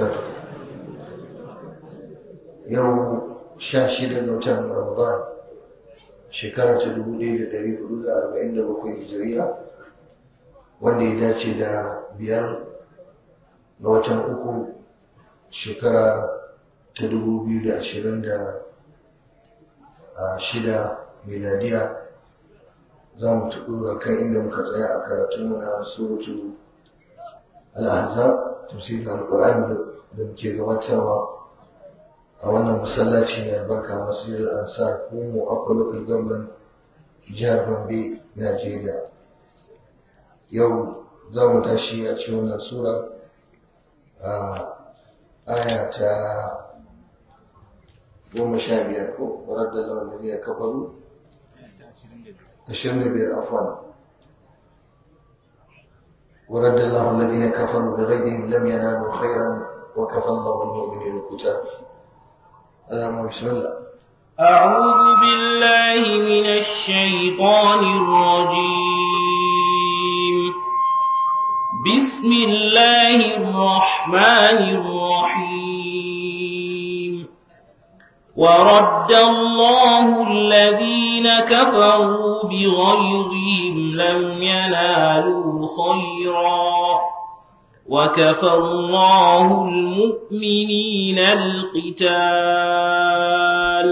wabarakatuh yau sha shida ga watan ramadan shekara ta dubu ɗaya da ɗari hudu da arba'in da bakwai hijiriya wanda ya dace da biyar na watan uku shekara ta dubu biyu da ashirin da shida miladiya za mu tuɗura kan inda muka tsaya a karatun na surutu al'azhar tafsirin al'ur'ani da muke gabatarwa a wannan masallaci mai albarka masjidil ansar kumu akwai gamban jihar gombe najeriya yau za mu tashi a cikin wannan sura a aya ta goma sha biyar ko warar da zama da kafaru ashirin da biyar afwan ورد الله الذين كفروا بغيظهم لم ينالوا خيرا وكفى الله المؤمنين الكتاب أنا بسم الله أعوذ بالله من الشيطان الرجيم بسم الله الرحمن الرحيم ورد الله الذين كفروا بغيظهم لم ينالوا خيرا وكفى الله المؤمنين القتال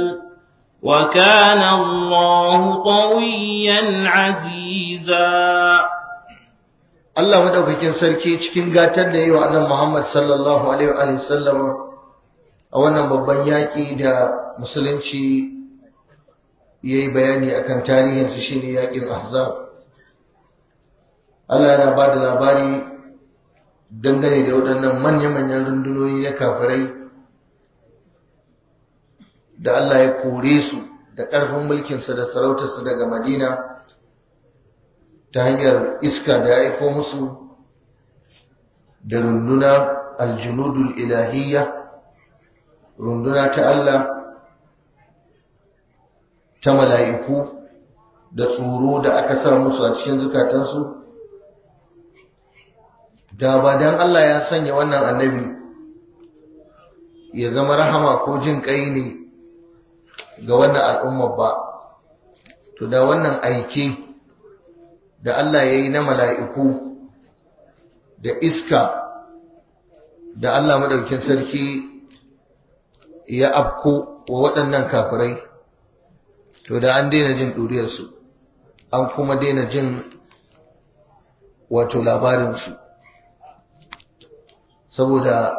وكان الله قويا عزيزا Allah madaukakin sarki cikin gatar da yawa annabi Muhammad sallallahu alaihi wa sallam a wannan babban yaki da musulunci yayi bayani akan tarihinsu, su shine yaƙin Ahzab Allah yana bada labari dangane da waɗannan manya-manyan rundunoni na kafirai da Allah ya kore su da ƙarfin mulkinsa da sarautarsa daga madina ta hanyar iska da ya aiko musu da runduna aljunudul ilahiyya runduna ta Allah ta mala'iku da tsoro da aka sa musu a cikin zukatansu da ba dan Allah ya sanya wannan annabi ya zama rahama ko jin kai ne ga wannan al'umma ba to da wannan aike da Allah ya yi na mala'iku da iska da Allah madaukin sarki ya afko wa waɗannan kafirai to da an daina jin ɗuriyarsu an kuma daina jin wato labarinsu saboda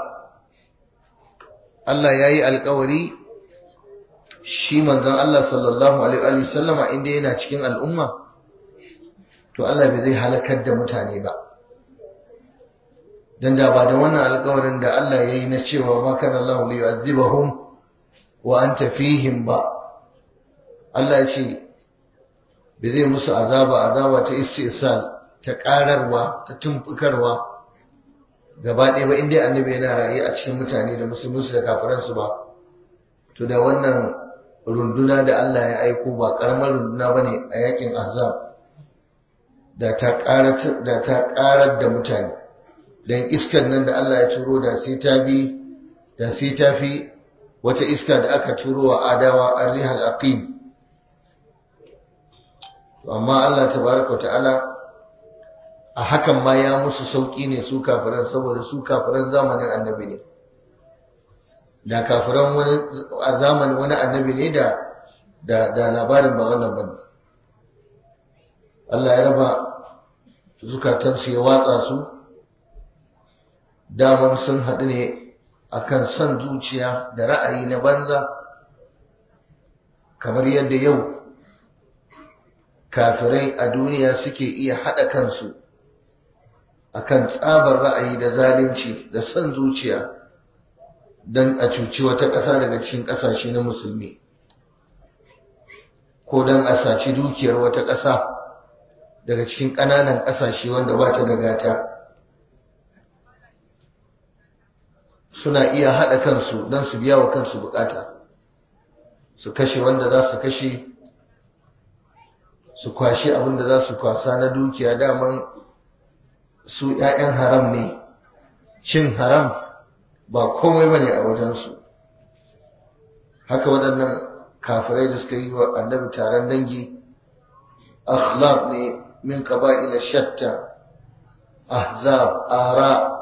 Allah ya yi alkawari shi manzan Allah sallallahu Alaihi wasallama inda yana cikin al'umma to Allah bai zai halakar da mutane ba don da ba da wannan alkawarin da Allah ya yi na cewa makan Allah liyu azibahum wa an tafihin ba Allah ce bai zai musu azaba azaba ta istisal ta ƙararwa ta tumfukarwa gaba ɗaya ba inda annabi yana raye a cikin mutane da musulunsu da kafiransu ba to da wannan runduna da Allah ya aiko ba karamar runduna ba ne a yakin azab da ta karar da mutane don iskan nan da Allah ya turo da sai ta bi da sai ta fi wata iska da aka turo wa adawa arrihal aqim amma Allah tabaraka wa ta'ala a hakan ma ya musu sauƙi ne su kafiran saboda su kafiran zamanin annabi ne da kafiran wani a zamanin wani annabi ne da da labarin ba wannan ba Allah ya raba zukatansu ya watsa su daman sun haɗu ne akan son zuciya da ra'ayi na banza kamar yadda yau kafirai a duniya suke iya haɗa kansu akan tsabar ra'ayi da zalunci da son zuciya don a cuci wata ƙasa daga cikin ƙasashe na musulmi ko don a saci dukiyar wata ƙasa daga cikin ƙananan ƙasashe wanda ba ta da gata suna iya haɗa kansu don su biya wa kansu bukata su kashe wanda za su kashe su kwashe abin da za su kwasa na dukiya daman su ‘ya'yan haram ne, cin haram ba komai ba ne a su. Haka waɗannan kafirai da suka yi wa annabi taron dangi, akhlaq ne min ila shatta, ahzab, ara,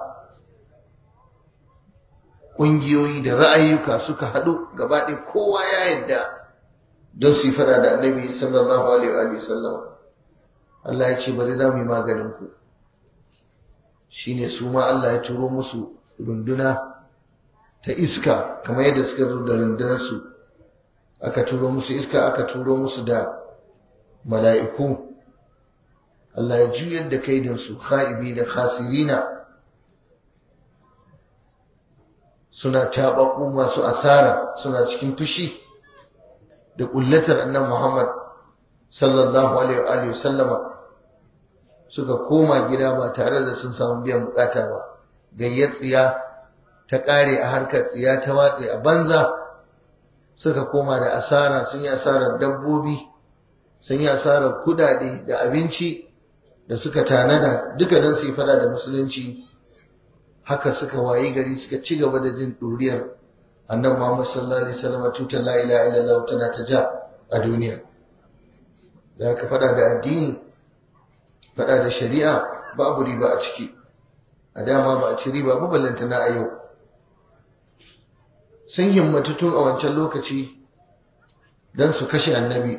ƙungiyoyi da ra'ayyuka suka haɗu gabaɗe kowa ya yadda don su yi fada da annabi sallallahu alaihi wa Allah ya ce bari za mu yi maganin ku. shine su ma Allah ya turo musu runduna ta iska kamar yadda suka zo da rundunar su aka turo musu iska aka turo musu da mala'iku Allah ya juyar da kaidansu ha'ibi da khasirina suna taɓaɓɓu masu asara suna cikin fushi da ƙullatar annan Muhammad sallallahu alaihi wa sallama suka koma gida ba tare da sun samu biyan bukata ba gayyar tsiya ta kare a harkar tsiya ta watse a banza suka koma da asara sun yi asarar dabbobi sun yi asarar kudade da abinci da suka tanada duka don su yi fada da musulunci haka suka wayi gari suka ci gaba da jin ɗuriyar annan Muhammad sallallahu alaihi wasallam tutar la ilaha illallah tana ta ja a duniya da aka fada da addini faɗa da shari'a babu riba a ciki a dama ba a ci riba ba ballanta na a yau sun himmatu tun a wancan lokaci don su kashe annabi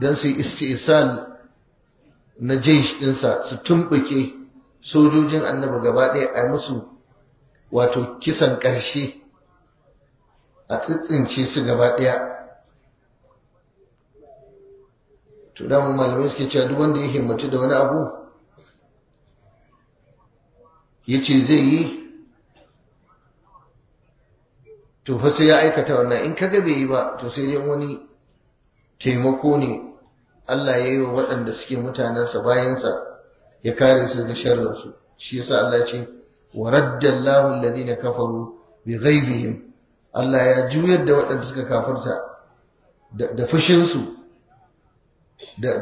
don su yi isti'isal na jesh ɗinsa su tumɓuke sojojin annabi gaba ɗaya a musu wato kisan ƙarshe a tsitsince su gaba ɗaya to da mun malamai suke cewa duk wanda ya himmatu da wani abu yace zai yi to fa sai ya aikata wannan in kaga bai yi ba to sai dai wani taimako ne Allah ya yi wa waɗanda suke mutanensa bayansa ya kare su da sharrinsu shi yasa Allah ce wa raddallahu alladhina kafaru bi ghaizihim Allah ya juyar da waɗanda suka kafirta da fushinsu da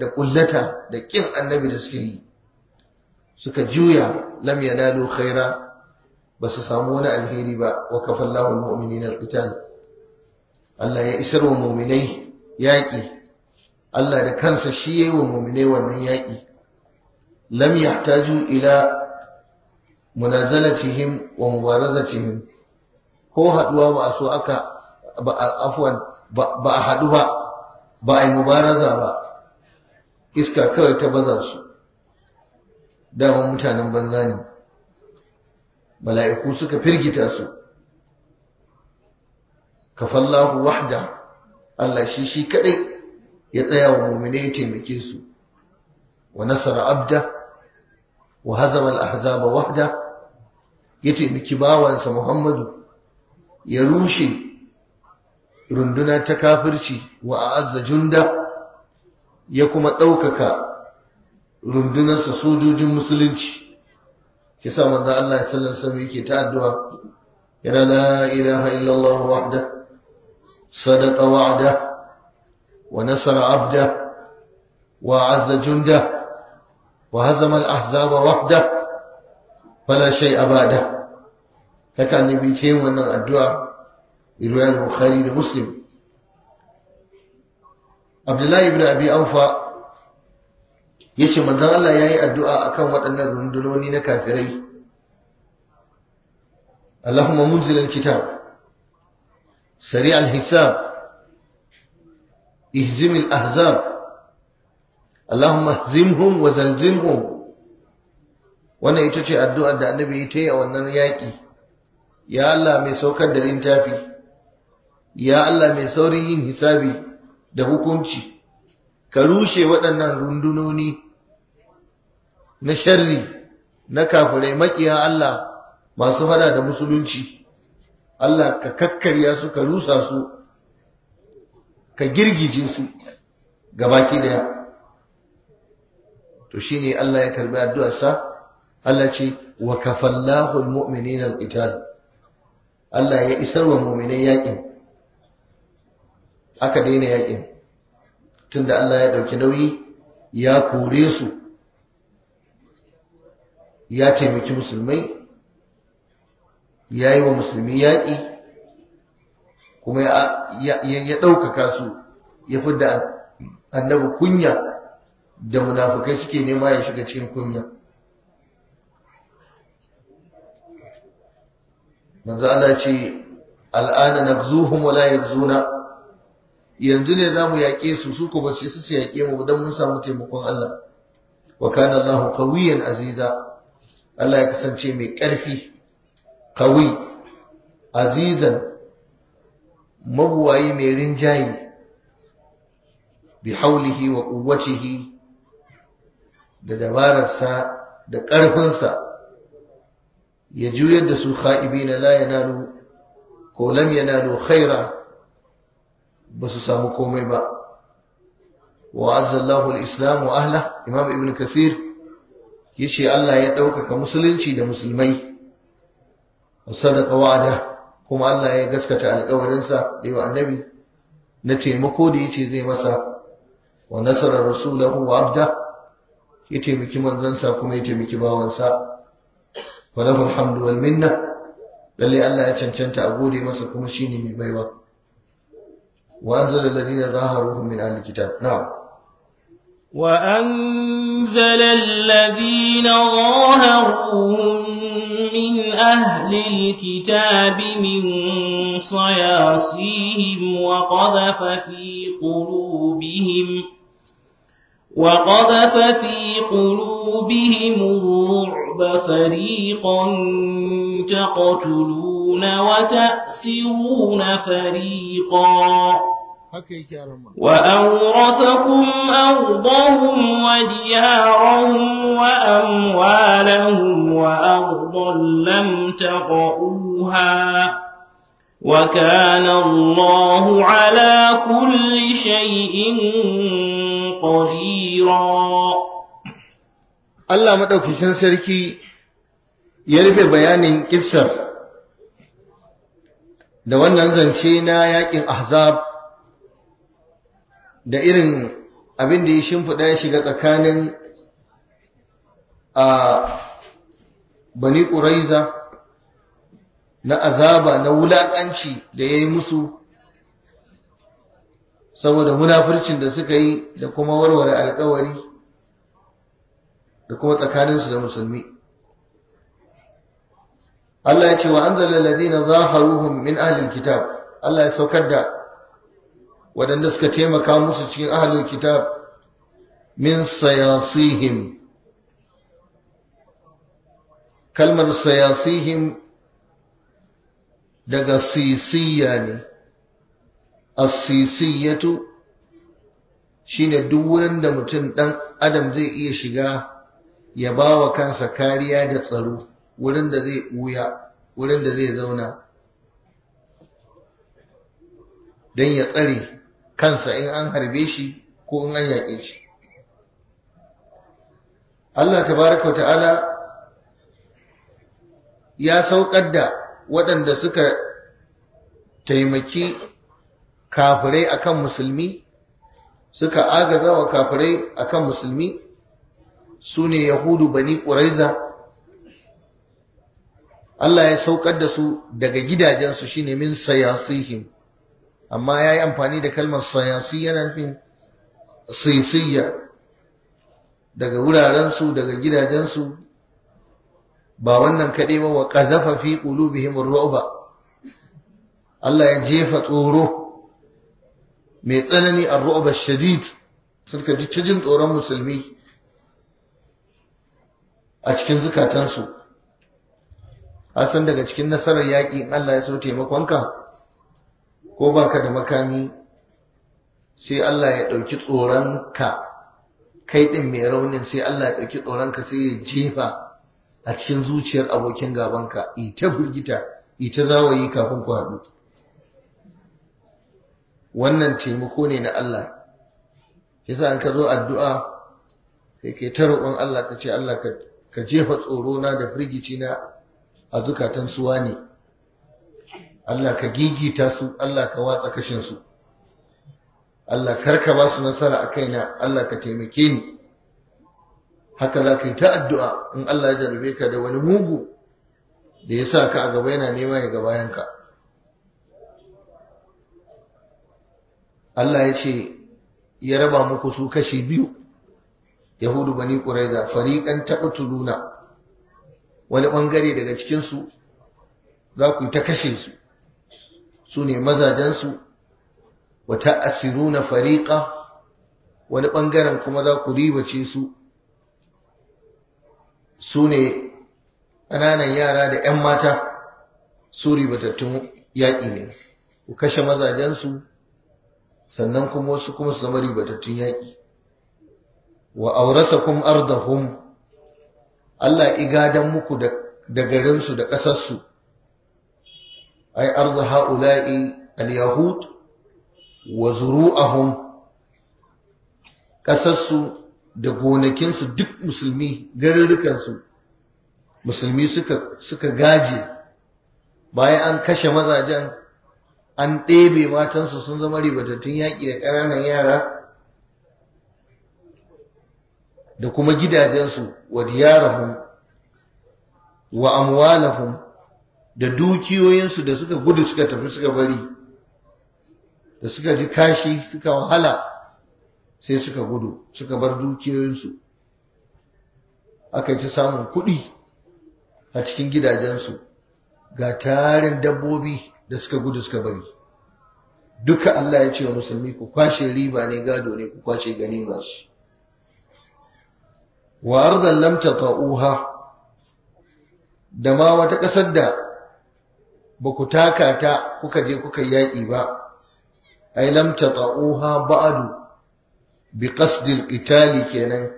ƙullata da ƙin kullata da kin annabi da suke yi suka juya lam yanalu khaira ba su samu wani alheri ba wa kafallahu almu'minina alqital Allah ya isar wa mu'minai yaki Allah da kansa shi yayi wa mu'minai wannan yaki lam yahtaju ila munazalatihim wa mubarazatihim ko haduwa ba a so aka ba afwan ba a ba ba a yi mubaraza ba iska kawai ta baza su damar mutanen banza ne mala'iku suka firgita su kafallahu wahda Allah shi shi kaɗai ya tsaya wa mummune ya taimake su wa nasara abda wa hazama al-ahzaba wahda ya taimaki bawansa Muhammadu ya rushe runduna ta kafirci wa azza junda ya kuma ɗaukaka rundunarsa sojojin musulunci sa manzo Allah ya sallan sama yake ta addu'a yana la ilaha illallah wa'ada sadaka wa'ada, wa nasara abda wa azza junda wa hazama al-ahzaba wahda fala shay'a ba'da haka ne bi ce wannan addu'a riwayar bukhari da muslim abdullahi ibn abi aufa yace manzan Allah ya yi addu'a akan waɗannan rundunoni na kafirai Allahumma munzil al-kitab sari al-hisab ihzim al-ahzab Allahumma ihzimhum wa zalzilhum wannan ita ce addu'ar da annabi ta yi a wannan yaƙi ya Allah mai saukar da littafi ya Allah mai saurin yin hisabi da hukunci ka rushe waɗannan rundunoni na sharri na kafirai makiya Allah masu hada da musulunci Allah ka kakkarya su ka rusa su ka girgije su gabaki daya to shine Allah ya karbi addu'arsa Allah ce wa kafallahu almu'minina alqital Allah ya isar wa mu'minai yaƙin aka daina yakin tunda Allah ya ɗauki nauyi ya kore su ya taimaki musulmai ya yi wa musulmi yaƙi kuma ya ɗaukaka su ya fi da annabi kunya da munafukai suke nema ya shiga cikin kunya manzo Allah ce al'ana nafzuhum wala yafzuna yanzu ne za mu yaƙe su su ko ba su su yaƙe mu don mun samu taimakon Allah wa kana Allahu qawiyan aziza Allah ya kasance mai ƙarfi qawi azizan mabuwayi mai rinjaye bi haulihi wa quwwatihi da dabararsa da ƙarfinsa ya juyar da su kha'ibina la yanalu ko lam yanalu khaira ba su samu komai ba wa azzallahu al-islam wa ahla imam ibn kathir yace Allah ya ɗaukaka musulunci da musulmai wa sadaqa wa'ada kuma Allah ya gaskata sa da wa annabi na taimako da yace zai masa wa nasara rasulahu wa abda ya taimaki manzansa kuma ya taimaki bawansa wa lahu alhamdu wal minna lalle Allah ya cancanta a gode masa kuma shine mai baiwa وأنزل الذين ظاهروهم من أهل الكتاب نعم وأنزل الذين ظاهروهم من أهل الكتاب من صياصيهم وقذف في قلوبهم وقذف في قلوبهم الرعب فريقا تقتلون وتأسرون فريقا وأورثكم أرضهم وديارهم وأموالهم وأرضا لم تقعوها وكان الله على كل شيء Allah الله sarki سركي ya rufe bayanin kissar da wannan zance na yakin ahzab da irin abin da ya shimfiɗa ya shiga tsakanin a bani ƙuraiza na azaba na wulaƙanci da ya yi musu saboda munafircin da suka yi da kuma warware alkawari da kuma tsakaninsu da musulmi Allah ya ce wa anzala alladhina zaharuhum min ahli alkitab Allah ya saukar da wadanda suka taimaka musu cikin ahli alkitab min sayasihim kalmar sayasihim daga sisiya ne asisiyatu shine duk wurin da mutum dan adam zai iya shiga ya ba wa kansa kariya da tsaro wurin da zai ɓuya wurin da zai zauna don ya tsare kansa in an harbe shi ko in an yaƙe shi Allah tabaraka wa ta'ala ya saukar da waɗanda suka taimaki kafirai akan musulmi suka agaza wa kafirai akan musulmi su ne yahudu bani ƙuraiza Allah ya saukar da su daga gidajensu shine min sayasihim amma ya yi amfani da kalmar sayasi yana nufin sisiyya daga wurarensu daga gidajensu ba wannan kaɗai ba wa ƙazafa fi ƙulubihim ba. Allah ya jefa tsoro mai tsanani a ruwa shadid suka ji cijin tsoron musulmi a cikin zukatansu san daga cikin nasarar yaƙi in Allah ya so taimakonka ko baka da makami sai Allah ya ɗauki tsoronka kai ɗin mai raunin sai Allah ya ɗauki tsoronka sai ya jefa a cikin zuciyar abokin gabanka ita burgita ita zawayi kafin ku haɗu wannan taimako ne na Allah sa an ka zo addu'a sai ke ta roƙon Allah ka ce Allah ka jefa tsoro na da firgici na a zukatan suwa ne Allah ka gigita su Allah ka watsa kashin su Allah karka ba su nasara a kaina Allah ka taimake ni haka za ka yi ta addu'a in Allah ya jarbe ka da wani mugu da ya sa ka a gaba yana nema ya ga bayanka. Allah ya ce ya raba muku su kashi biyu yahudu bani quraiza fariqan taqtuluna wani bangare daga cikin su za ku ta kashe su su ne mazajen su wa ta'asiruna fariqa wani bangaren kuma za ku ribace su su ne ƙananan yara da 'yan mata su ribatattun yaƙi ne ku kashe mazajensu sannan kuma wasu kuma su zama ribatattun yaƙi wa aurasa kum ardahum Allah igadan muku da garinsu da su ay arda haula'i al-yahud wa zuru'ahum ƙasarsu da gonakinsu duk musulmi su musulmi suka gaje bayan an kashe mazajen an ɗebe matansu sun zama ribatattun yaƙi da ƙananan yara da kuma gidajensu wa diyarahun wa amwalahun da dukiyoyinsu da suka gudu suka tafi suka bari da suka ji kashi suka wahala sai suka gudu suka bar dukiyoyinsu aka ci samun kuɗi a cikin gidajensu ga tarin dabbobi da suka gudu suka bari duka Allah ya ce wa musulmi ku kwashe riba ne gado ne ku kwashe ganima shi wa arzan lam tata'uha da ma wata ƙasar da ba ku taka ta kuka je kuka yaƙi ba ai lam tata'uha ba'du bi qasdil qitali kenan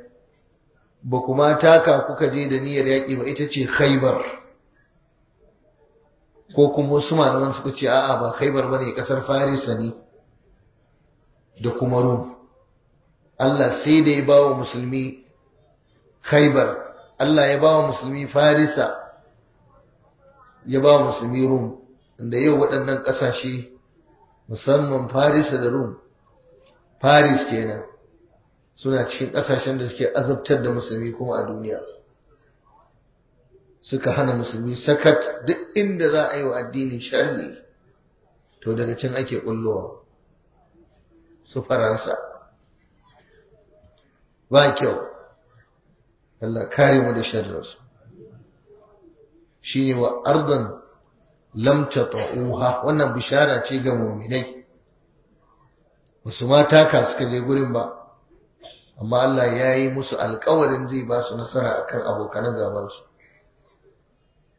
ba kuma taka kuka je da niyyar yaƙi ba ita ce khaybar ko kuma wasu malaman suka ce a'a ba khaibar bane kasar farisa ne da kuma rum Allah sai da ya bawo musulmi khaibar Allah ya bawo musulmi farisa ya bawo musulmi rum inda yau waɗannan ƙasashe musamman farisa da rum faris kenan suna cikin ƙasashen da suke azabtar da musulmi kuma a duniya suka hana musulmi sakat duk inda za a yi wa addinin shari'i to daga can ake kullowa su faransa ba kyau Allah kare mu da Shi shine wa ardan lamta ta'uha wannan bishara ce ga mu'minai wasu mata ka suka je gurin ba amma Allah ya yi musu alkawarin zai ba su nasara akan abokan gabansu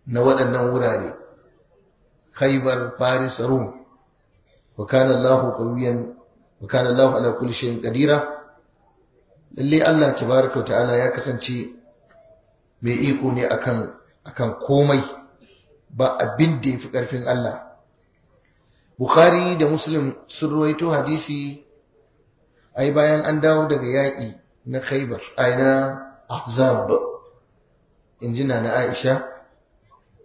na waɗannan wurare khaibar faris rum wa kana Allahu qawiyan wa kana Allahu ala kulli shay'in qadira lalle Allah tabaaraka wa ta'ala ya kasance mai iko ne akan akan komai ba abin da yafi karfin Allah Bukhari da Muslim sun ruwaito hadisi ai bayan an dawo daga yaƙi na Khaybar ai na Ahzab injina na Aisha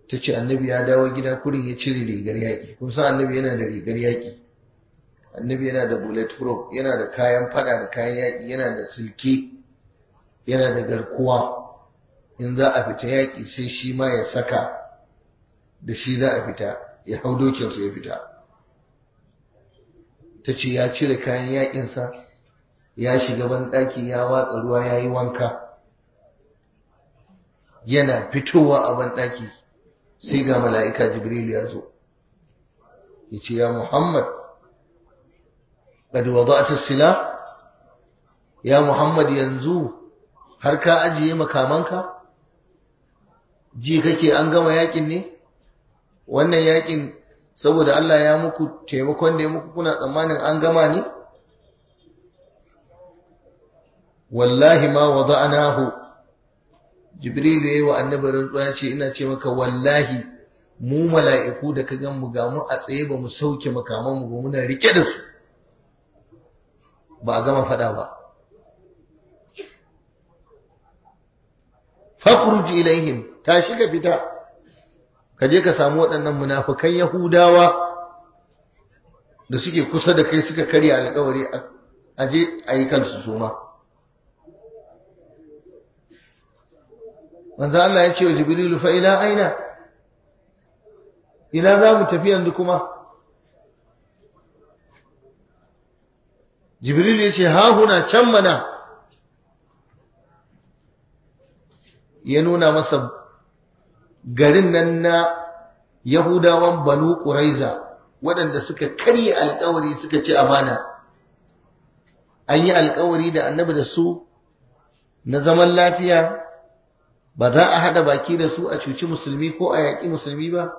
ta ce annabi ya dawo gida kurin ya cire rigar yaƙi sa annabi yana da rigar yaƙi annabi yana da proof yana da kayan fada da kayan yaƙi yana da silke yana da garkuwa in za a fita yaƙi sai shi ma ya saka da shi za a fita ya hau dokinsa ya fita ta ce ya cire kayan yaƙinsa ya shiga ban ɗaki ya watsa ruwa ya yi wanka yana fitowa a ban ɗaki sai ga mala'ika jibril ya zo ya ce ya muhammad ba a tassila ya muhammad yanzu har ka ajiye makamanka ji kake an gama yakin ne wannan yakin saboda Allah ya muku taimakon da ya muku kuna tsammanin an gama ne wallahi ma nahu jibrilu yi wa annabi rantsuwa ya ce ina ce maka wallahi mu mala'iku da ka gan mu ga mu a tsaye ba mu sauke makaman mu ba muna rike da su ba a gama fada ba fakhruj ilaihim ta shiga fita ka je ka samu waɗannan munafukan yahudawa da suke kusa da kai suka karya alƙawari a je a yi kansu su ma manzo Allah ya ce wa jibrilu fa ila aina ina za mu tafi yanzu kuma jibrilu ya ce ha huna can mana ya nuna masa garin nan na yahudawan banu ƙuraiza waɗanda suka karya alkawari suka ci amana an yi alkawari da annabi da su na zaman lafiya ba za a haɗa baki da su a cuci musulmi ko a yaƙi musulmi ba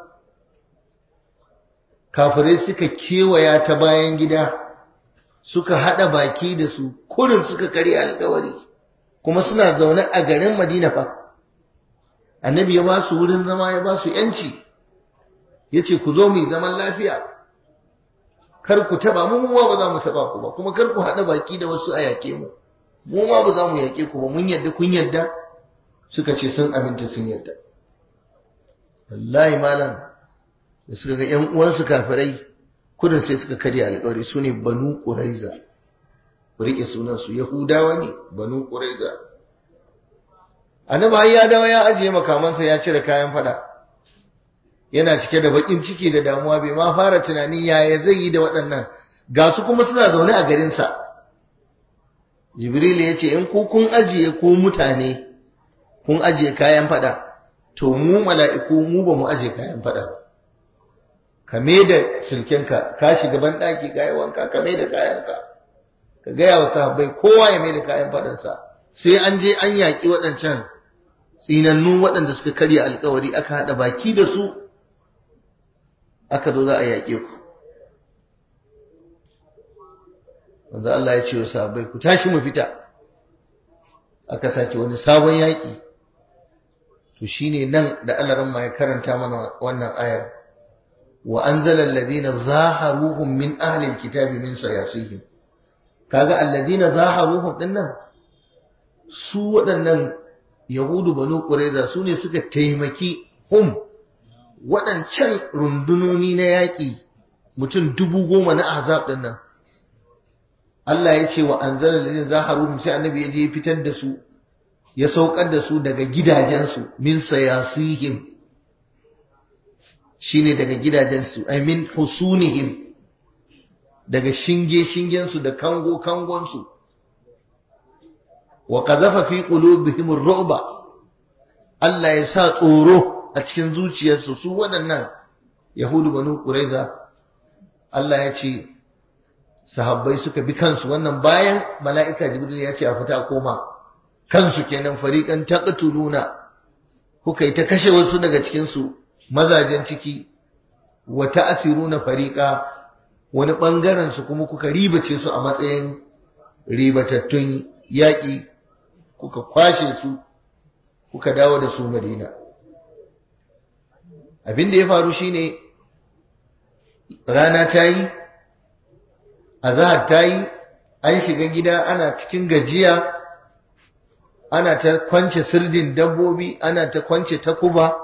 kafirai suka kewaya ta bayan gida suka haɗa baki da su kurin suka karya alkawari kuma suna zaune a garin madina fa annabi ya ba su wurin zama ya ba su yanci ya ce ku zo mu zaman lafiya kar ku taba mu ma ba za mu taba ku ba kuma kar ku haɗa baki da wasu a yaƙe mu mu ma ba za mu yaƙe ku ba mun yadda kun yadda suka ce sun aminta sun yadda wallahi malam da suka ga yan uwansu kafirai kudin sai suka karya alƙawari su ne banu ƙuraiza riƙe sunansu yahudawa ne banu ƙuraiza annabi ya dawo ya ajiye makamansa ya cire kayan fada yana cike da bakin ciki da damuwa bai ma fara tunani yaya zai yi da waɗannan ga su kuma suna zaune a garinsa jibril ya ce in kukun ajiye ko mutane kun ajiye kayan fada to mu mala'iku mu ba mu ajiye kayan fada ka da silkenka ka shiga ban daki kayan wanka ka da kayanka ka gaya wa sahabbai kowa ya da kayan fadansa sai an je an yaƙi waɗancan tsinannu waɗanda suka karya alkawari aka haɗa baki da su aka zo za a yaƙe ku wanda Allah ya ce wa sahabbai ku tashi mu fita aka sake wani sabon yaƙi to shine nan da Allah ramma ya karanta mana wannan ayar wa anzala alladhina zaharuhum min ahli alkitabi min sayasihim kaga alladhina zaharuhum dinnan su waɗannan yahudu banu qurayza su ne suka taimaki hum waɗancan rundunoni na yaƙi mutum dubu goma na ahzab dinnan Allah ya ce wa anzala alladhina zaharuhum sai annabi ya je fitar da su ya saukar da su daga gidajensu min sayasihim shine daga gidajensu ai min husunihim daga shinge shingensu da kango kangonsu wa kazafa fi qulubihim ar-ru'ba Allah ya sa tsoro a cikin zuciyarsu su waɗannan yahudu banu quraiza Allah ya ce sahabbai suka bi kansu wannan bayan mala'ika jibril ya ce a fita koma kansu kenan fariƙan fariqan nuna, kuka yi ta kashe wasu daga cikinsu mazajen ciki wa na fariƙa wani ɓangaren su kuma kuka ribace su a matsayin ribatattun yaƙi kuka kwashe su kuka dawo da su Madina abin da ya faru shine rana ta yi azahar ta yi an shiga gida ana cikin gajiya ana ta kwance sirdin dabbobi ana ta kwance takuba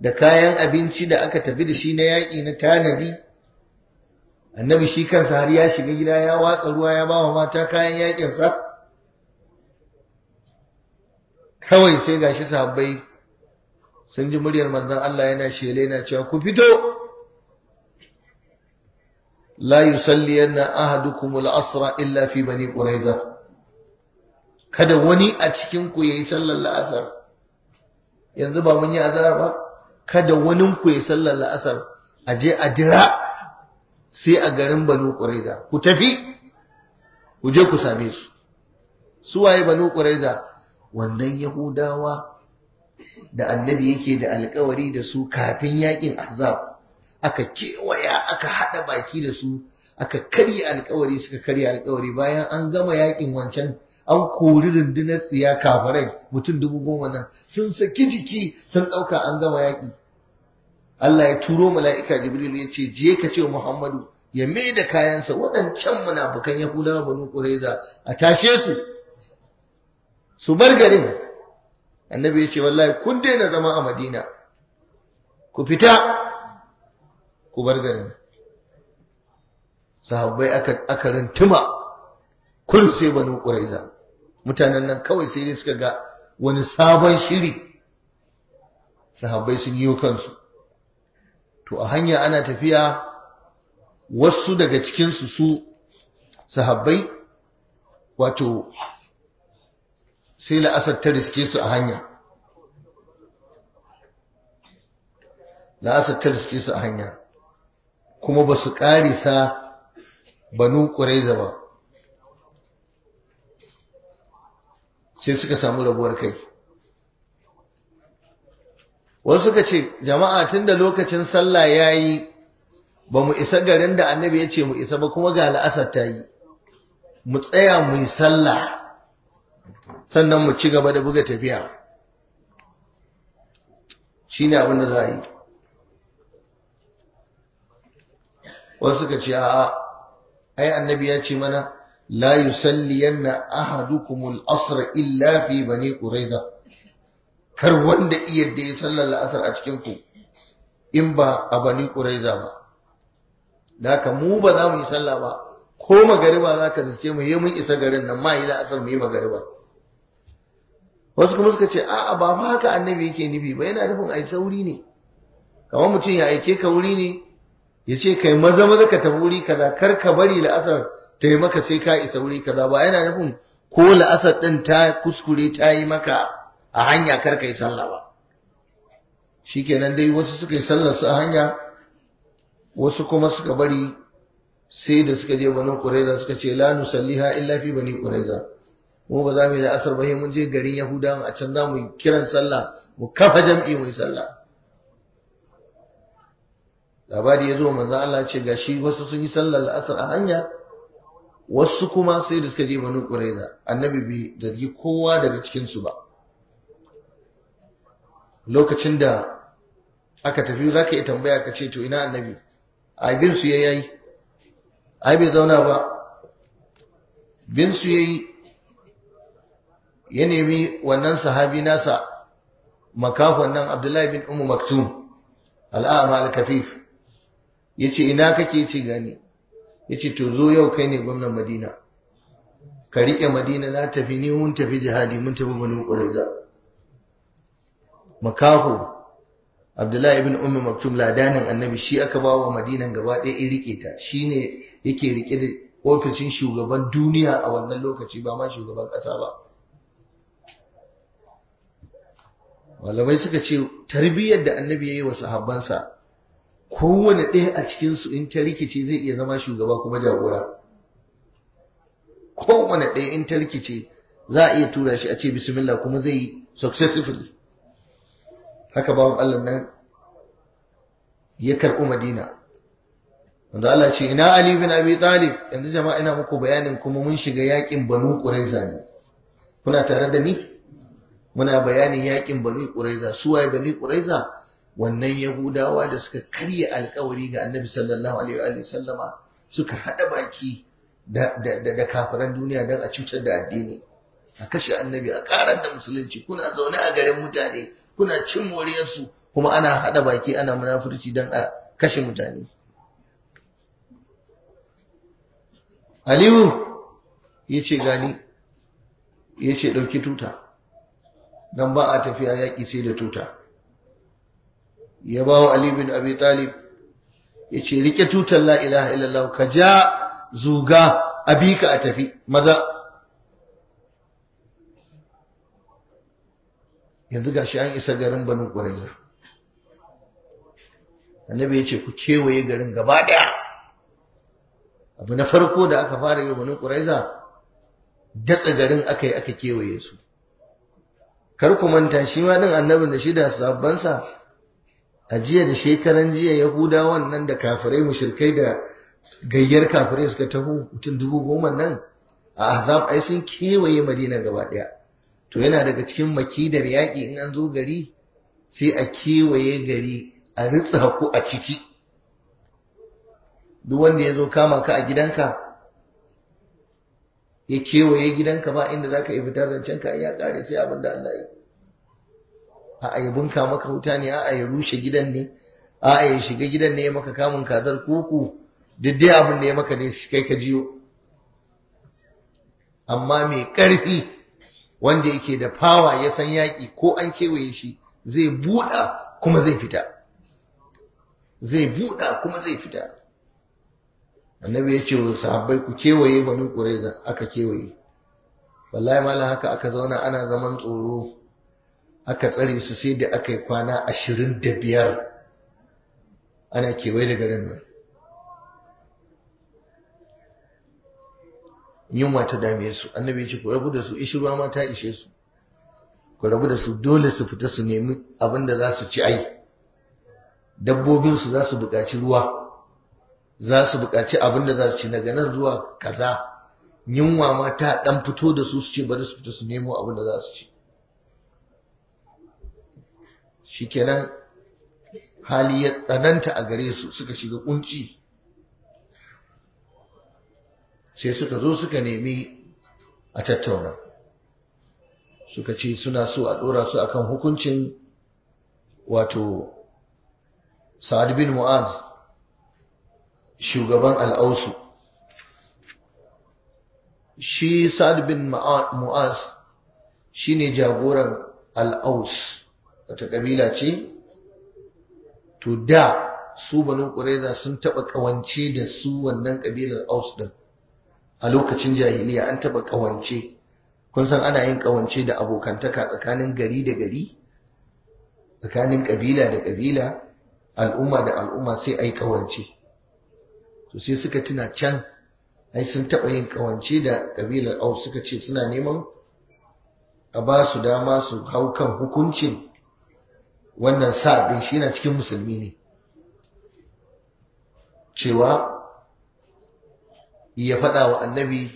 da kayan abinci da aka tafi da shi na yaƙi na tanadi annabi shi kansa har ya shiga gida ya watsa ruwa ya bawa mata kayan yaƙinsa kawai sai gashi sahabbai sun ji muryar manzon Allah yana shele yana cewa ku fito la yusalliyanna ahadukum al-asra illa fi bani quraiza kada wani a cikin ku yayi sallar la'asar yanzu ba mun yi azhar ba kada wani ku yayi sallar la'asar a je a dira sai a garin Banu qurayza ku tafi ku je ku same su su waye Banu qurayza wannan Yahudawa da annabi yake da alkawari da su kafin yakin Ahzab aka kewaya aka hada baki da su aka karya alkawari suka karya alkawari bayan an gama yakin wancan an kori rundunar tsiya kafarai mutum dubu goma nan sun saki jiki sun ɗauka an gama yaƙi Allah ya turo mala'ika Jibril ya ce je ka ce Muhammadu ya me da kayansa waɗancan munafukan Yahudawa banu Qurayza a tashe su su bar garin annabi ya ce wallahi kun daina zama a Madina ku fita ku bar garin sahabbai aka aka rintuma, kun sai banu Qurayza mutanen nan kawai sai ne suka ga wani sabon shiri sahabbai sun yi kansu to a hanya ana tafiya wasu daga cikinsu su sahabbai wato sai la'asar ta riske su a hanya la'asar ta riske su a hanya kuma ba su ƙarisa banu ƙuraiza ba sai suka samu rabuwar kai wasu suka ce jama'a tun da lokacin sallah ya yi ba mu isa garin da annabi ya ce mu isa ba kuma ga la'asar ta yi mu tsaya mu yi sallah sannan mu ci gaba da buga tafiya shi ne abin da za a yi wasu suka ce a ai annabi ya ce mana لا يسلين أحدكم الأصر إلا في بني قريظة kar wanda iya da ya sallar la'asar a cikinku in ba a bani ƙuraiza ba da ka mu ba za mu yi sallah ba ko magariba za ka zace mu yi mun isa garin nan ma yi la'asar mu yi magariba wasu kuma suka ce a'a ba fa haka annabi yake nufi ba yana nufin ai sauri ne kamar mutum ya aike ka wuri ne ya ce kai maza maza ka tafi wuri kaza kar ka bari la'asar ta yi maka sai ka isa wuri kaza ba yana nufin ko la'asar ɗin ta kuskure ta yi maka a hanya kar ka yi sallah ba Shi kenan dai wasu suka yi sallar su a hanya wasu kuma suka bari sai da suka je banu kureza suka ce la nusalliha illa fi bani kureza' mu ba za mu yi la'asar ba sai mun je garin yahuda a can za mu yi kiran sallah mu kafa jam'i mu yi sallah labari ya zo manzo Allah ce gashi wasu sun yi sallar la'asar a hanya wasu kuma sai da suka je banu da annabi bai zargi kowa daga cikinsu ba lokacin da aka tafi za ka yi tambaya ka ce to ina annabi a ya yi ai bai zauna ba Binsu ya yi ya nemi wannan sahabi nasa makafon nan abdullahi bin umu maktum al'ama al-kafif ya ce ina kake ce gani Ya to zo yau kai ne gwamnan Madina ka riƙe Madina na tafi ni mun tafi jihadi mun tafi Banu Qurayza makaho Abdullahi ibn Ummi Maktum ladanin Annabi shi aka ba wa Madinan gaba ɗaya in riƙe ta Shi ne yake rike da ofishin shugaban duniya a wannan lokaci ba ma shugaban ƙasa ba malamai suka ce tarbiyyar da annabi ya yi wa sahabbansa kowane ɗaya a cikinsu in ta rikice zai iya zama shugaba kuma jagora kowane ɗaya in ta rikice za a iya tura shi a ce bismillah kuma zai yi successfully haka bawan Allah nan ya karɓi Madina wanda Allah ce ina Ali bin Abi Talib yanzu jama'a ina muku bayanin kuma mun shiga yakin Banu Qurayza ne kuna tare da ni muna bayanin yakin Banu Qurayza waye Banu Qurayza wannan yahudawa da suka karya alkawari ga annabi sallallahu alaihi sallama suka haɗa baki da kafiran duniya don a cutar da addini a kashe annabi a karar da musulunci kuna zaune a garin mutane kuna cin moriyarsu kuma ana haɗa baki ana munafurci don a kashe mutane aliyu ya ce gani ya ce ɗauki tuta don ba a tafiya yaƙi sai da tuta ya bawa Ali bin Abi Talib yace rike tutar la ilaha illallah ka ja zuga abika a tafi maza yanzu gashi an isa garin Banu Qurayza annabi yace ku kewaye garin gaba daya abu na farko da aka fara yi Banu Qurayza datsa garin yi aka kewaye su kar ku manta shi ma din annabin da shi da sabbansa a jiya da shekaran jiya Yahuda, wannan da kafirai mushirkai da gayyar kafirai suka taho mutum dubu goma nan a azab ai sun kewaye madina gaba daya to yana daga cikin makidar yaki in an zo gari sai a kewaye gari a ritsa ku a ciki duk wanda ya zo kama ka a gidanka ya kewaye gidanka ba inda zaka ka yi fita zancen ka ya ƙare sai abin da Allah yi a ya bunka maka wuta ne a ya rushe gidan ne a ya shiga gidan ne ya maka kamun kazar kuku duk dai abin da ya maka ne shi kai ka jiyo amma mai ƙarfi wanda yake da fawa ya san yaƙi ko an kewaye shi zai buɗa kuma zai fita zai buɗa kuma zai fita annabi ya ce wa sahabbai ku kewaye banu ƙuraiza aka kewaye wallahi mala haka aka zauna ana zaman tsoro aka tsare su sai da aka yi kwana ashirin da biyar ana kewaye da garin nan yunwa ta dame su annabi ce ku rabu da su ishirwa ma ta ishe su ku rabu da su dole su fita su nemi abin da za su ci ai dabbobinsu za su buƙaci ruwa za su buƙaci abin da za su ci daga nan zuwa kaza yunwa ma ta ɗan fito da su su ce bari su fita su nemo abin da za su ci shikenan hali ya tsananta a gare su suka shiga kunci sai suka zo suka nemi a tattauna suka ce suna so a dora su akan hukuncin wato sa'ad bin mu'az shugaban al'ausu shi sa'ad bin mu'az shine jagoran al'ausu wata kabila ce to da su banu ƙuraiza sun taɓa ƙawance da su wannan ƙabilar aus a lokacin jahiliya an taɓa ƙawance kun san ana yin ƙawance da abokantaka tsakanin gari da gari tsakanin ƙabila da ƙabila al'umma da al'umma sai a yi ƙawance to sai suka tuna can ai sun taɓa yin ƙawance da ƙabilar aus suka ce suna neman a ba su dama su hau kan hukuncin wannan sa ɗin shi yana cikin musulmi ne cewa ya faɗa wa annabi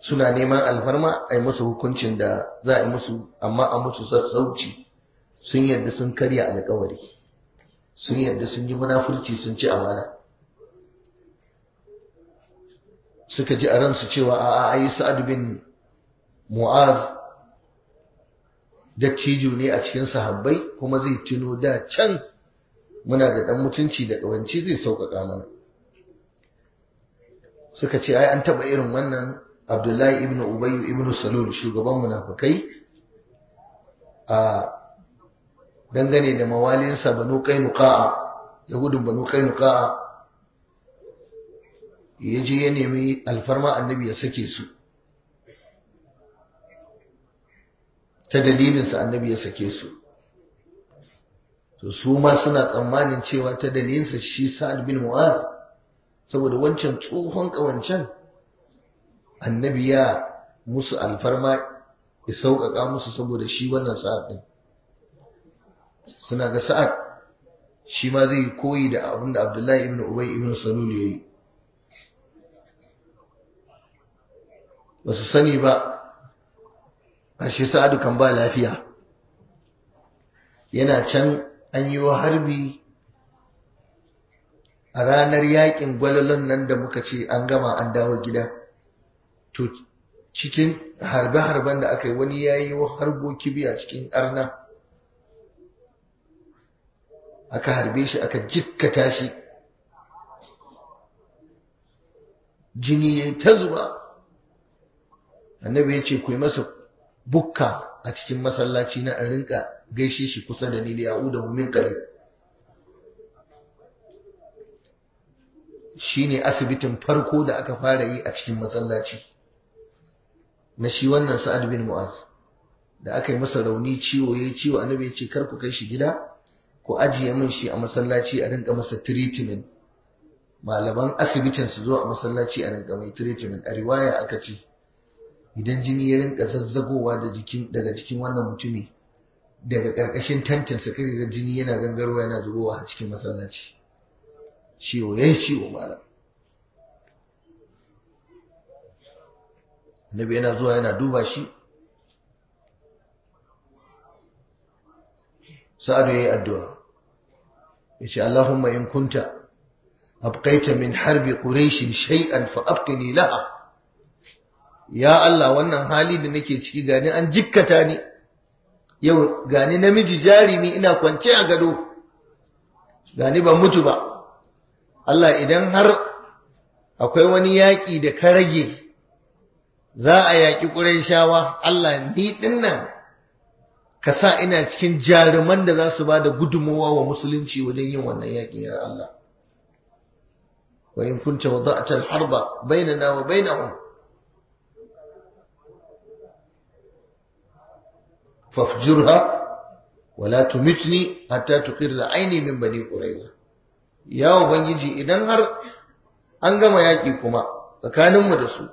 suna neman alfarma a yi musu hukuncin da za a yi musu amma a musu sassauci sun yadda sun karya alkawari sun yadda sun yi munafurci sun ci amana suka ji a ransu cewa a a ayi sa'ad bin mu'az dattijo ne a cikin sahabbai kuma zai tuno da can muna da ɗan mutunci da ƙawanci zai sauƙaƙa mana suka ce ai an taɓa irin wannan abdullahi ibn ubayyu ibn salul shugaban munafukai a dangane da mawalinsa banu kainuka'a yahudun banu kainuka'a ya ya nemi alfarma annabi ya sake su ta dalilinsa annabi ya sake su to su ma suna tsammanin cewa ta dalilinsa shi sa'ad bin mu'az saboda wancan tsohon ƙawancen annabi ya musu alfarma ya sauƙaƙa musu saboda shi wannan sa'ad din suna ga sa'ad shi ma zai koyi da abin da abdullahi ibn ubay ibn salul ya yi ba su sani ba ashe sa'adu kan ba lafiya yana can an yi wa harbi a ranar yakin gwalalon nan da muka ce an gama an dawo gida to cikin harbe-harben da aka yi wani ya yi wa harbo kibiya cikin arna aka harbe shi aka jikkata shi jini ya ta zuba annabi ya ce ku yi masa bukka a cikin masallaci na rinka gaishe shi kusa da ni da ya'u da min Shi ne asibitin farko da aka fara yi a cikin masallaci na shi wannan Sa'ad bin Mu'az da aka yi masa rauni ciwo ya yi ciwo annabi ya ce kar ku kai shi gida ku ajiye min shi a masallaci a rinka masa treatment malaman asibitin su zo a masallaci a rinka mai treatment a riwaya aka ce idan jini ya rinka zazzagowa daga jikin wannan mutumi daga ƙarƙashin tantin sa kai jini yana gangarwa yana zubowa a cikin masallaci ciwo yayi ciwo malam Nabi yana zuwa yana duba shi sa'adu yayi addu'a yace Allahumma in kunta abqaita min harbi quraish shay'an fa abqini laha ya Allah wannan hali da nake ciki gani an jikkata ni yau gani namiji jarimi ina kwance a gado gani ban mutu ba Allah idan har akwai wani yaƙi da ka rage za a yaƙi shawa, Allah ni dinnan ka sa ina cikin jaruman da za su ba da gudunmowa wa musulunci wajen yin wannan yaƙi ya Allah wa in kunta wada'ta al-harba bainana wa bainahum fafjurha wala tumitni hatta tuqirra aini min bani quraiza ya ubangiji idan har an gama yaki kuma tsakaninmu da su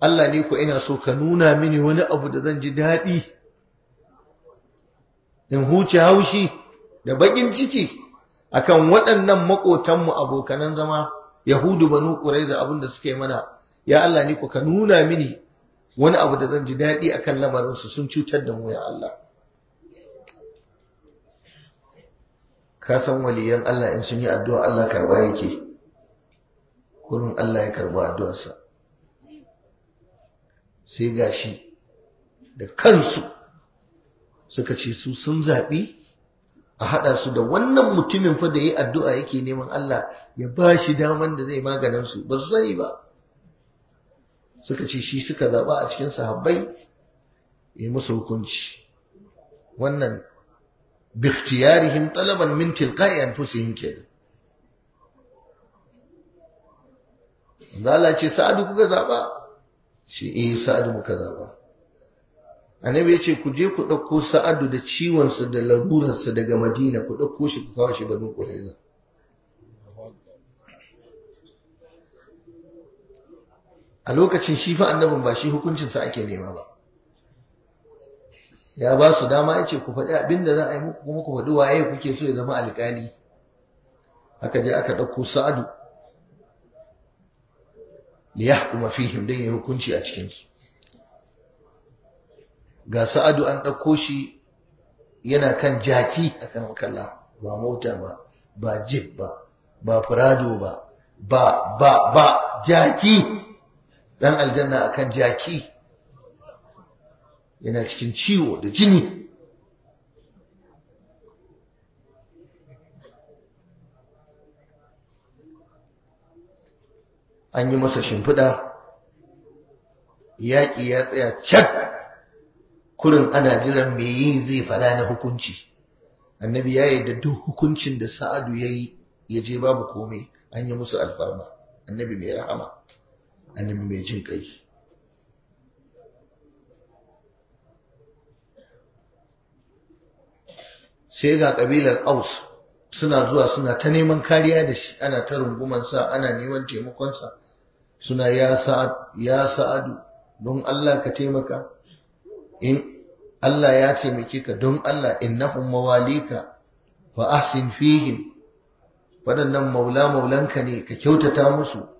Allah ne ko ina so ka nuna mini wani abu da zan ji daɗi in huce haushi da bakin ciki akan waɗannan maƙotanmu abokanan zama yahudu banu ƙuraiza abin da suke mana ya Allah ni ko ka nuna mini wani abu da zan ji daɗi a kan lamarinsu sun cutar da mu ya Allah ka san waliyan Allah in sun yi addu'a Allah karɓa yake kurin Allah ya karɓa addu'arsa sai gashi da kansu suka ce su sun zaɓi a haɗa su da wannan mutumin fa da yi addu'a yake neman Allah ya ba shi daman da zai maganin su ba su sani ba suka ce shi suka zaɓa a cikin sahabbai yi musu hukunci wannan bikhtiyarihim talaban min tilqa'i anfusihim kenan Allah ce Sa'adu kuka zaba shi eh Sa'adu muka zaɓa. Annabi ya ce ku je ku ɗauko Sa'adu da ciwon da larurar daga Madina ku dauko shi ku kawo shi Banu Qurayza a lokacin shi fa annabin ba shi hukuncinsa ake nema ba ya ba su dama ya ce ku faɗi abin da za a yi muku kuma ku faɗi waye kuke so ya zama alƙali aka je aka ɗauko sa'adu li yahkuma fihim dan ya hukunci a cikin su ga sa'adu an ɗauko shi yana kan jaki a kan makalla ba mota ba ba jib ba ba furado ba ba ba ba jaki dan aljanna akan jaki yana cikin ciwo da jini an yi masa shimfiɗa yaƙi ya tsaya cak kurin ana jiran me yi zai fada na hukunci annabi ya da duk hukuncin da sa'adu ya yi ya je babu komai an yi musu alfarma annabi mai rahama annabi mai jin kai sai ga kabilar aus suna zuwa suna ta neman kariya da shi ana ta sa, ana neman taimakonsa suna ya sa'adu don Allah ka taimaka in Allah ya taimake ka don Allah innahum mawalika fa ahsin fihim waɗannan maula maulanka ne ka kyautata musu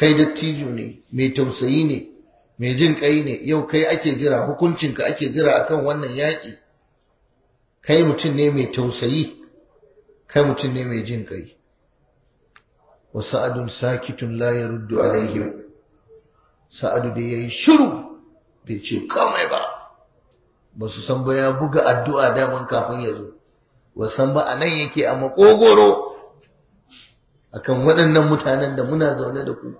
kai dattijo ne mai tausayi ne mai jin kai ne yau kai ake jira hukuncinka ake jira akan wannan yaƙi kai mutum ne mai tausayi kai mutum ne mai jin kai wa sa'adun sakitun la yaruddu alaihi sa'adu da yayi shiru bai ce komai ba ba su san ba ya buga addu'a daman kafin ya zo ba san ba anan yake a makogoro akan waɗannan mutanen da muna zaune da ku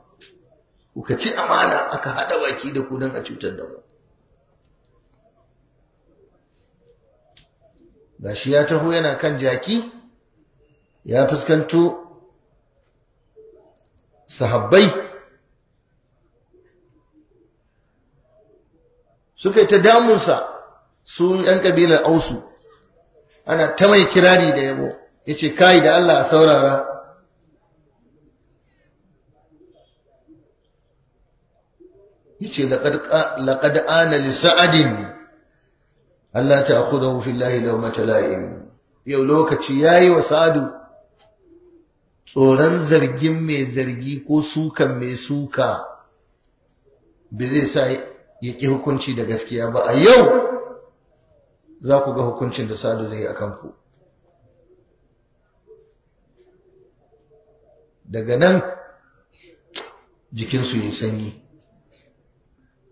Ku kuka ci amana aka haɗa baki da ku don a cutar da mu ga shi ya taho yana kan jaki ya fuskanto sahabbai suka yi ta damunsa su ‘yan ƙabilar ausu ana ta mai kirari da yabo ya ce kai da Allah a saurara yace laqad ana li sa'adin Allah ta akhudahu fi llahi lawmata talaim yau lokaci yayi wa sa'adu tsoron zargin mai zargi ko sukan mai suka bi zai sa ya ki hukunci da gaskiya ba a yau za ku ga hukuncin da sa'adu zai yi a kanku daga nan jikinsu ya sanyi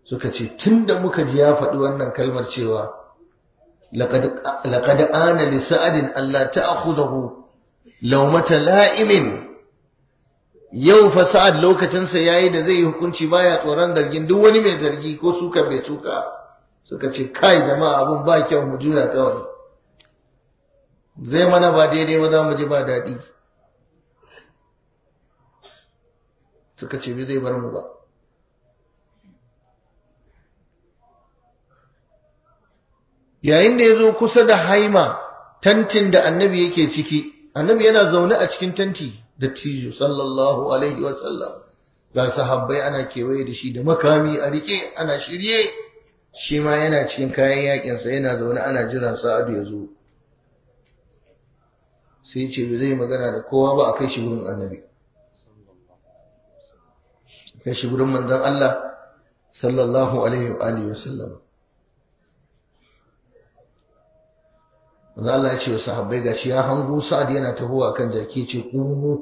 suka ce tun da muka ji ya faɗi wannan kalmar cewa laqad ana ta sa'adin Allah ta'khudhu laumata la'imin yau fa sa'ad lokacinsa yi da zai yi hukunci ba ya tsoron zargin duk wani mai zargi ko suka bai tuka, suka ce kai jama'a abun ba kyau mu juna kawai zai mana ba daidai ba za mu ji ba daɗi suka ce bai zai bar mu ba yayin da ya zo kusa da haima tantin da annabi yake ciki annabi yana zaune a cikin tanti da tijo sallallahu alaihi wa sallam. ga sahabbai ana kewaye da shi da makami a rike ana shirye shi ma yana cikin kayan yakinsa yana zaune ana jiran sa'adu ya zo sai ce zai magana da kowa ba a kai shi gurin annabi kai shi gurin manzon Allah sallallahu alaihi wa alihi manzo Allah ya ce wa sahabbai gashi ya hango Sa'ad yana tahowa kan jaki ce qumu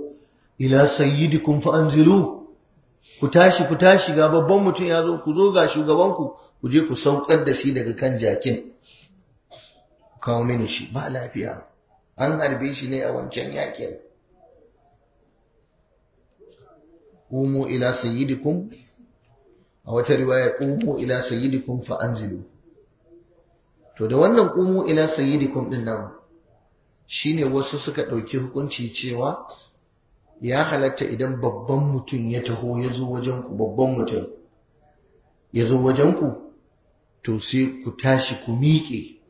ila sayyidikum fa anzilu ku tashi ku tashi ga babban mutum ya zo ku zo ga shugaban ku ku je ku saukar da shi daga kan jakin kawo mini shi ba lafiya an harbe shi ne a wancan yakin qumu ila sayyidikum a wata riwaya qumu ila sayyidikum fa anzilu to da wannan qumu ila sayyidikum din nan shine wasu suka ɗauki hukunci cewa ya halatta idan babban mutum ya taho ya zo wajen ku babban mutum ya zo wajen ku to sai ku tashi ku miƙe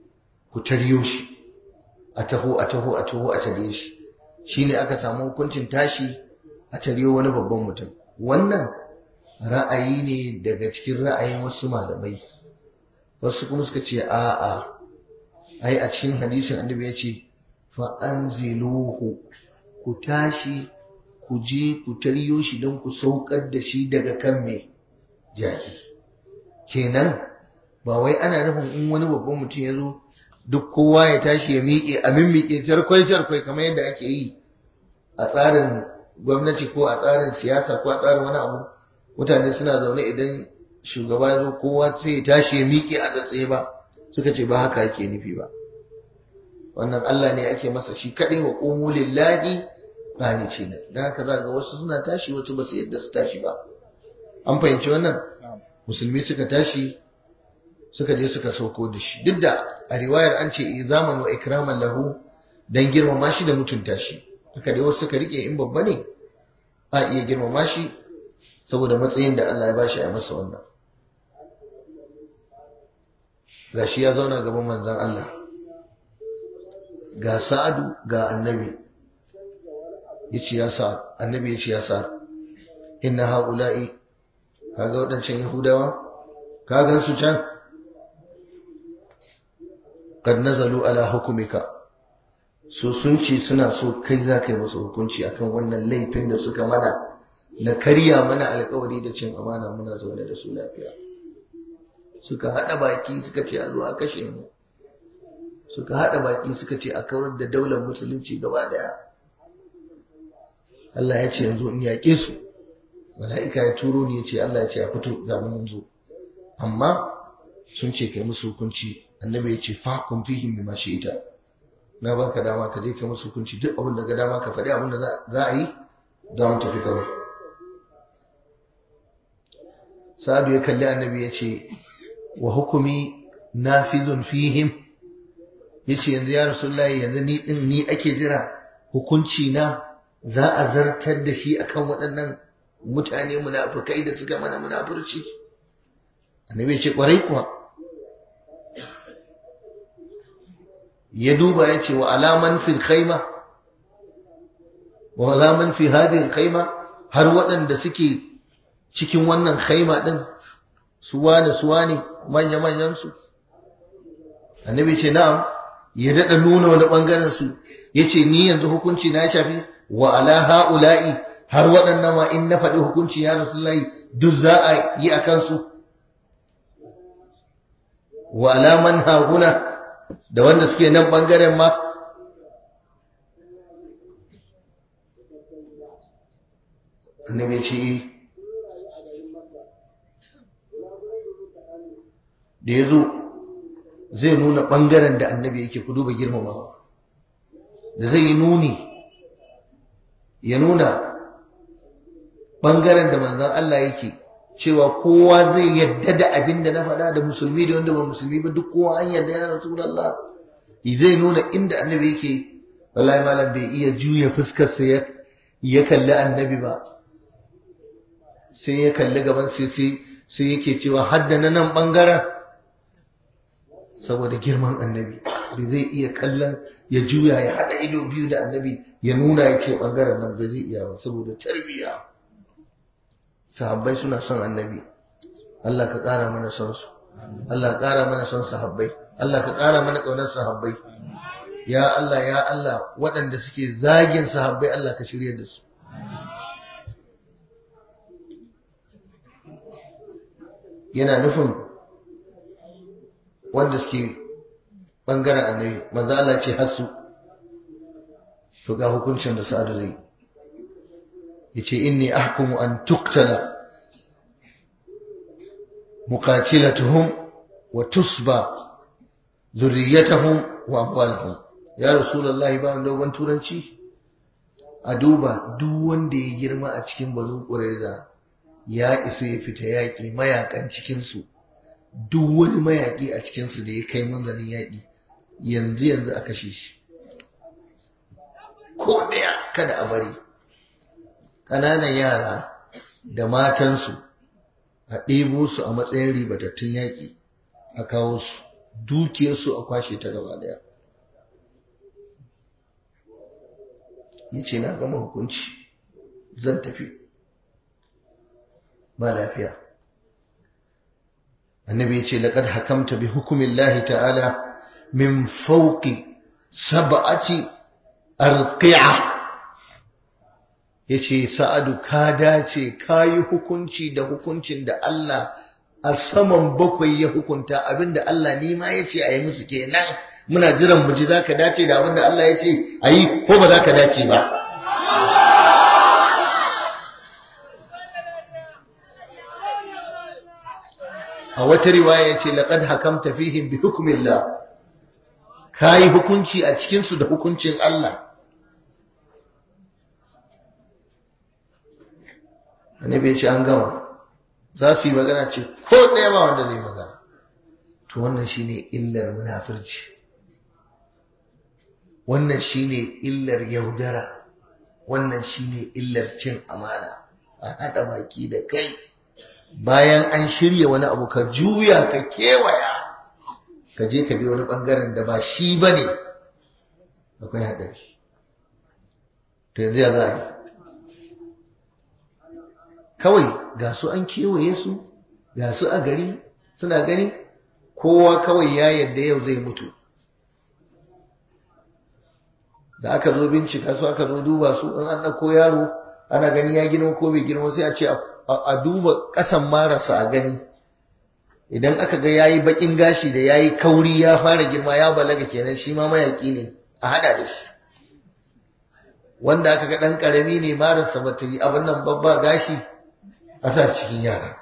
ku taryo shi a taho a taho a taho a tare shi shine aka samu hukuncin tashi a tariyo wani babban mutum wannan ra'ayi ne daga cikin ra'ayin wasu malamai wasu kuma suka ce a'a ai a cikin hadisin annabi ya ce fa anziluhu ku tashi ku je ku taryo shi don ku saukar da shi daga kan mai jahi kenan ba wai ana nufin in wani babban mutum ya zo duk kowa ya tashi ya miƙe a mimmiƙe sharkwai-sharkwai kamar yadda ake yi a tsarin gwamnati ko a tsarin siyasa ko a tsarin wani abu mutane suna zaune idan shugaba ya zo kowa sai ya tashi ya miƙe a tsatsaye ba suka ce ba haka yake nufi ba wannan Allah ne ake masa shi kaɗai wa ƙomo lillahi bani ce na da haka za ga wasu suna tashi wasu ba su yadda su tashi ba an fahimci wannan musulmi suka tashi suka je suka sauko da shi duk da a riwayar an ce eh, zamanu wa ikraman lahu dan girmama shi da mutunta shi haka dai wasu suka rike in babba ne a iya girmama shi saboda matsayin da Allah ya bashi a masa wannan Ga shi ya zauna gaban manzan Allah ga sa'adu ga annabi ya ce ya sa'ad annabi ce ya sa'ad inna haula'i ga waɗancan yahudawa ka gan su can kad nazalu ala hukumika su sun ce suna so kai za ka yi musu hukunci akan wannan laifin da suka mana na karya mana alkawari da cin amana muna zaune da su lafiya suka haɗa baki suka ce a zuwa kashe mu suka haɗa baki suka ce a kawar da daular musulunci gaba daya Allah ya ce yanzu in yaƙe su mala'ika ya turo ni ya ce Allah ya ce a fito ga mun zo amma sun ce kai musu hukunci annabi ya ce fa kun fihim bima ita. na baka dama ka je kai musu hukunci duk abin da ga dama ka faɗi abin da za a yi za mu tafi kawai sa'adu ya kalli annabi ya ce wa hukumi nafizun fihim yace yanzu ya rasulullahi yanzu ni din ni ake jira hukunci na za a zartar da shi akan waɗannan mutane munafukai da suka mana munafurci annabi ya ce kwarai kuwa ya duba ya ce wa alaman fil khaima wa alaman fi hadin khaima har waɗanda suke cikin wannan khaima ɗin su da suwa ne manya-manyan su annabi ce na'am ya daɗa nuna wani bangaren su ce ni yanzu hukunci na shafi wa ala haula'i har waɗannan ma in na faɗi hukunci ya rasulullahi duk za a yi a kansu wa ala man haguna da wanda suke nan ɓangaren ma annabi ce eh, da ya zo zai nuna ɓangaren da annabi yake ku duba girmamawa da zai yi nuni ya nuna ɓangaren da manzan Allah yake cewa kowa zai yadda da abin da na faɗa da musulmi da wanda ba musulmi ba duk kowa an yadda ya Allah. zai nuna inda annabi yake wallahi malam bai iya juya fuskarsa ya kalli annabi ba sai ya kalli gaban sai sai yake cewa hadda na nan ɓangaren saboda girman annabi ba zai iya kallon ya juya ya haɗa ido biyu da annabi ya nuna ya ce ɓangaren nan ba zai iya ba saboda tarbiyya sahabbai suna son annabi Allah ka ƙara mana son su Allah ka ƙara mana son sahabbai Allah ka ƙara mana ƙaunar sahabbai ya Allah ya Allah waɗanda suke zagin sahabbai Allah ka shirya da su yana nufin wanda suke bangaren annabi manzo Allah ce hasu to ga hukuncin da sa'adu zai yace inni ahkumu an tuqtala muqatilatuhum wa tusba zurriyatuhum wa amwaluhum ya rasulullahi ba dogon turanci a duba duk wanda ya girma a cikin bazu ya isa ya fita yaƙi mayakan cikinsu duk wani mayaƙi a cikinsu da ya kai manzanin yaƙi yanzu yanzu a kashe shi ko ɗaya kada a bari ƙananan yara da matansu a ɗebo su a matsayin ribatattun yaƙi a kawo su dukiyarsu a kwashe ta gaba ɗaya ya ce na gama hukunci zan tafi ba lafiya annabi yace ce laqad hakamta bi hukumillahi ta'ala min fawqi sab'ati arqi'a ya sa'adu ka dace ka hukunci da hukuncin da Allah a saman bakwai ya hukunta abinda Allah nima ya ce a yi musu kenan muna jiran mu ji za dace da abinda Allah ya ce ko ba za dace ba a wata riwaya ce laqad hakamta fihim bi hukmillah kai hukunci a cikin su da hukuncin Allah ne ya ce an gama za su yi magana ce ko ɗaya ba wanda zai magana to wannan shine illar munafirci wannan shine illar yaudara wannan shine illar cin amana a haɗa baki da kai bayan an shirya wani abu ka juya ka kewaya ka je ka bi wani bangaren da ba shi ba ne akwai haɗari to yanzu ya za a yi kawai ga su an kewaye su ga su a gari suna gani kowa kawai ya yadda yau zai mutu da aka zo bincika su aka zo duba su an ɗauko yaro ana gani ya girma ko bai girma sai a ce a duba ƙasan marasa a gani idan aka ga yayi bakin gashi da yayi kauri ya fara girma ya balaga kenan shi ma mayaki ne a hada da shi wanda aka ga dan karami ne marasa batiri abin nan babba gashi a sa cikin yara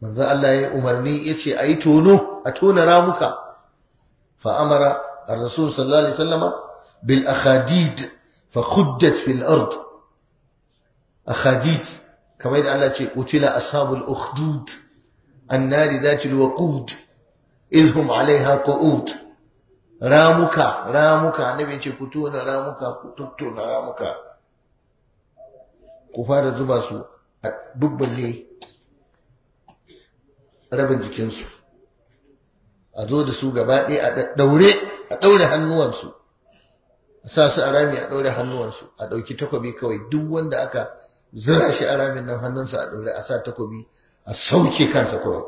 manzo Allah ya umarni yace ayi tono a tona ramuka fa amara ar-rasul sallallahu alaihi wasallama bil فخجت في الأرض أخاديد كما يدعى الله شيء قتل أصحاب الأخدود النار ذات الوقود إذ هم عليها قعود ramuka ramuka annabi ce ku tona ramuka ku tattona ramuka ku fara zuba su a bubballe rabin jikinsu a zo da su gaba ɗaya a ɗaure a ɗaure hannuwansu sa su a rami a ɗaure hannuwansu a ɗauki takobi kawai duk wanda aka zira shi a ramin nan hannunsa a ɗaure a sa takobi a sauke kansa kuma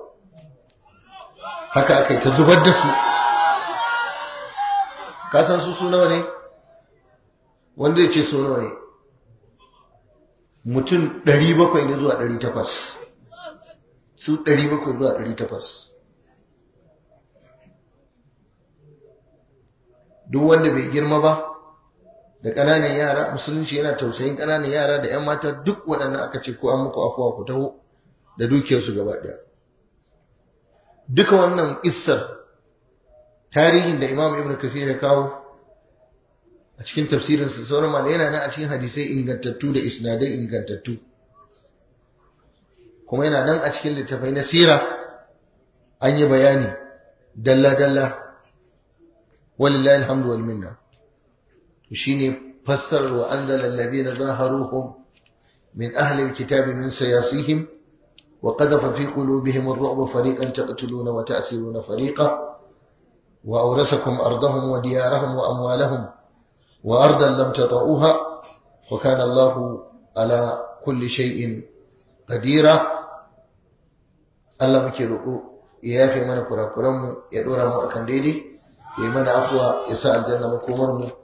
haka aka yi ta zubar da su kasan su su nawa ne wanda ya ce suna nawa ne mutum 700 ne zuwa 800 su 700 zuwa 800 duk wanda bai girma ba da ƙananan yara musulunci yana tausayin ƙananan yara da 'yan mata duk waɗannan aka ce ko an muku afuwa ku taho da dukiyarsu gaba ɗaya duka wannan issar tarihin da imam ibn kasir ya kawo a cikin tafsirinsa sauran mana yana nan a cikin hadisai ingantattu da isnadai ingantattu kuma yana nan a cikin littafai na sira an yi bayani dalla-dalla walillahi alhamdu wal minna shine fassarar wa anzala alladhina zaharuhum min ahli alkitabi min sayasihim wa qadhafa fi qulubihim ar-ru'ba fariqan taqtuluna wa ta'siruna fariqa wa awrasakum ardahum wa diyarahum wa amwalahum wa ardan lam tata'uha wa kana Allahu ala kulli shay'in qadira Allah muke roƙo ya yafe mana kurakuranmu ya ɗora mu akan daidai ya yi mana afuwa ya sa aljanna makomarmu. mu